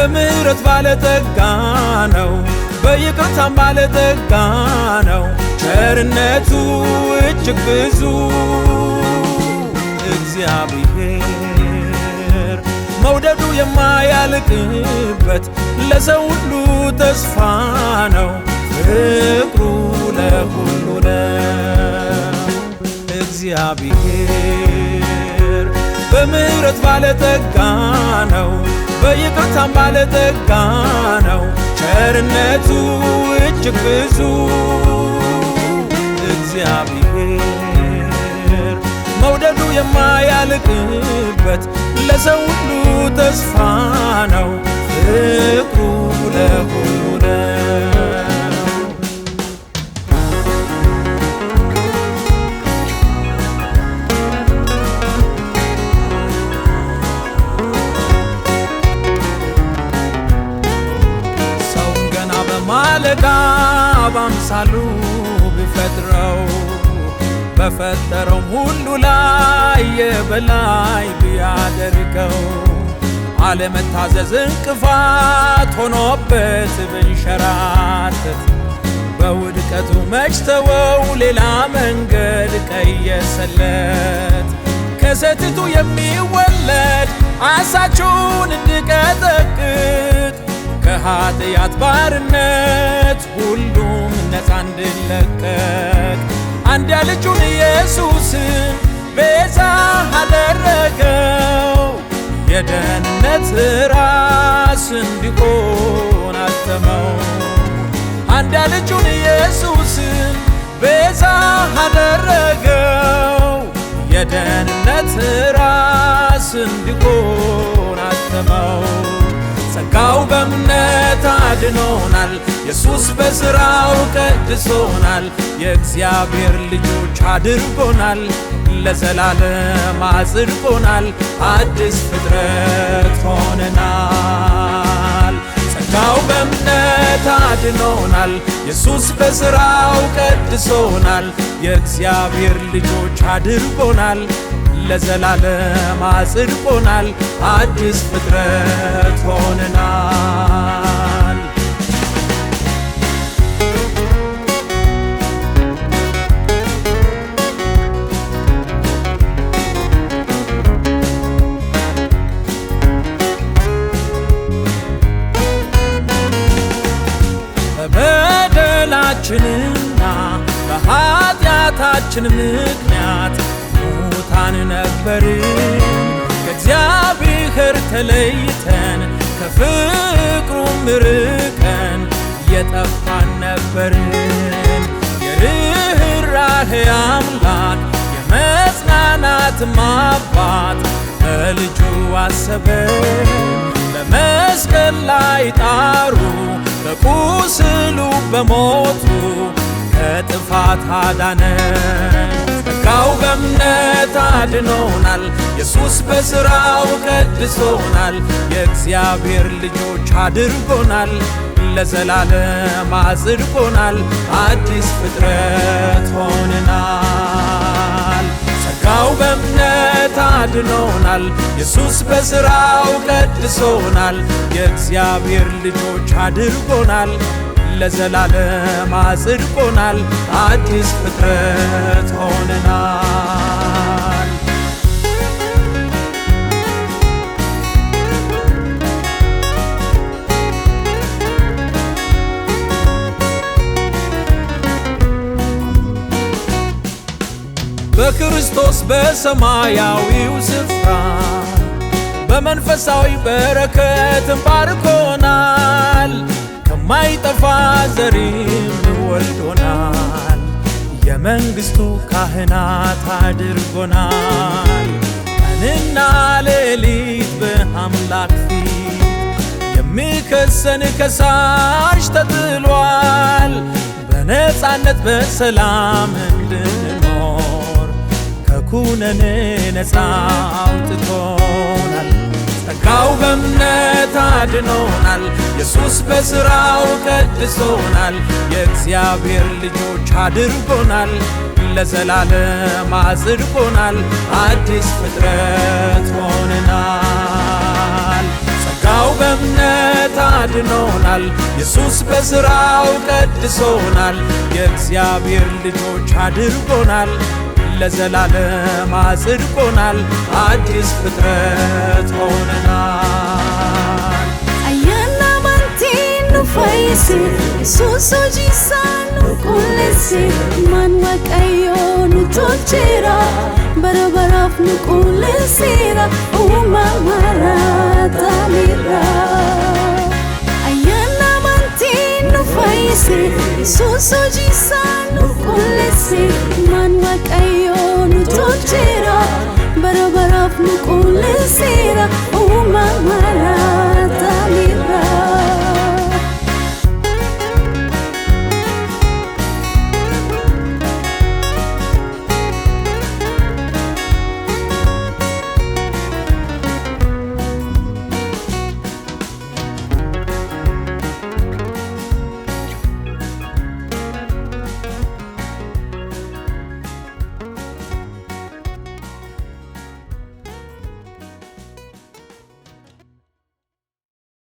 በምሕረት ባለጠጋ ነው፣ በይቅርታም ባለጠጋ ነው። ቸርነቱ እጅግ ብዙ እግዚአብሔር መውደዱ የማያልቅበት ለሰው ሁሉ ተስፋ ነው። ፍቅሩ ለሁሉ እግዚአብሔር በምሕረት ባለጠጋ ነው በይቅርታ ባለጠጋ ነው ቸርነቱ እጅግ ብዙ እግዚአብሔር መውደዱ የማያልቅበት ለሰው ሁሉ ተስፋ ነው ፍቅሩ ለሁ በዕዳ ባምሳሉ ቢፈጥረው በፈጠረውም ሁሉ ላይ የበላይ ቢያደርገው አለመታዘዝ እንቅፋት ሆኖበት ብንሸራተት በውድቀቱ መችተወው ሌላ መንገድ ቀየሰለት ከሰትቱ የሚወለድ አሳችሁን እንዲቀጠቅጥ ከኃጢአት ባርነት ሁሉም ነፃ እንድንለቀቅ አንድያ ልጁን ኢየሱስን ቤዛ አደረገው የደህንነት ራስ እንዲሆን አተመው። አንድያ ልጁን ኢየሱስን ቤዛ አደረገው የደህንነት ራስ እንዲሆን አተመው። ስራው በእምነት አድኖናል። ኢየሱስ በስራው ቀድሶናል። የእግዚአብሔር ልጆች አድርጎናል። ለዘላለም አጽድቆናል። አዲስ ፍጥረት ሆነናል። ጌታው በእምነት አድኖናል። ኢየሱስ በሥራው ቀድሶናል። የእግዚአብሔር ልጆች አድርጎናል ለዘላለም አጽድቆናል አዲስ ፍጥረት ሆነናል ጸጋው በእምነት አድኖናል ኢየሱስ በስራው ቀድሶናል የእግዚአብሔር ልጆች አድርጎናል ለዘላለም አጽድቆናል፣ አዲስ ፍጥረት ሆነናል። በበደላችንና በኃጢአታችን ምክንያት ሙታን ነበርን ከእግዚአብሔር ተለይተን ከፍቅሩ ምርቀን እየጠፋን ነበርን። የርኅራኄ አምላክ የመጽናናት አባት በልጁ አሰበን። በመስቀል ላይ ጣሩ በቁስሉ በሞቱ ከጥፋት አዳነን። ሥራው በእምነት አድኖናል። ኢየሱስ በሥራው ቀድሶናል። የእግዚአብሔር ልጆች አድርጎናል። ለዘላለም አጽድቆናል። አዲስ ፍጥረት ሆንናል ጸጋው በእምነት አድኖናል። ኢየሱስ በሥራው ቀድሶናል። የእግዚአብሔር ልጆች አድርጎናል። ለዘላለም አጽድቆናል፣ አዲስ ፍጥረት ሆነናል። በክርስቶስ በሰማያዊው ስፍራ በመንፈሳዊ በረከት ባርኮናል። ማይጠፋ ዘሪም ወልዶናል። የመንግሥቱ ካህናት አድርጎናል። ቀንና ሌሊት በአምላክ ፊት የሚከሰን ከሳሽ ተጥሏል። በነፃነት በሰላም እንድንኖር ከኩነኔ ነፃ አውጥቶናል። ጸጋው በእምነት አድኖናል። ኢየሱስ በሥራው ቀድሶናል። የእግዚአብሔር ልጆች አድርጎናል። ለዘላለም አጽድቆናል። አዲስ ፍጥረት ሆነናል። ጸጋው በእምነት አድኖናል። ኢየሱስ በሥራው ቀድሶናል። የእግዚአብሔር ልጆች አድርጎናል። ለዘላለም አጽድቆናል፣ አዲስ ፍጥረት ሆነናል። አያና ማንቲ ኑፋይሲ ኢየሱስ ሆጂሳኑ ቁሌሲ ማን ዋቀዮ ኑቶቼራ በረበራፍ ኑቁሌሲራ ኡማማራታሚራ አያና ማንቲ ኑፋይሲ ኢየሱስ ሆጂሳኑ ቁሌሲ 不见。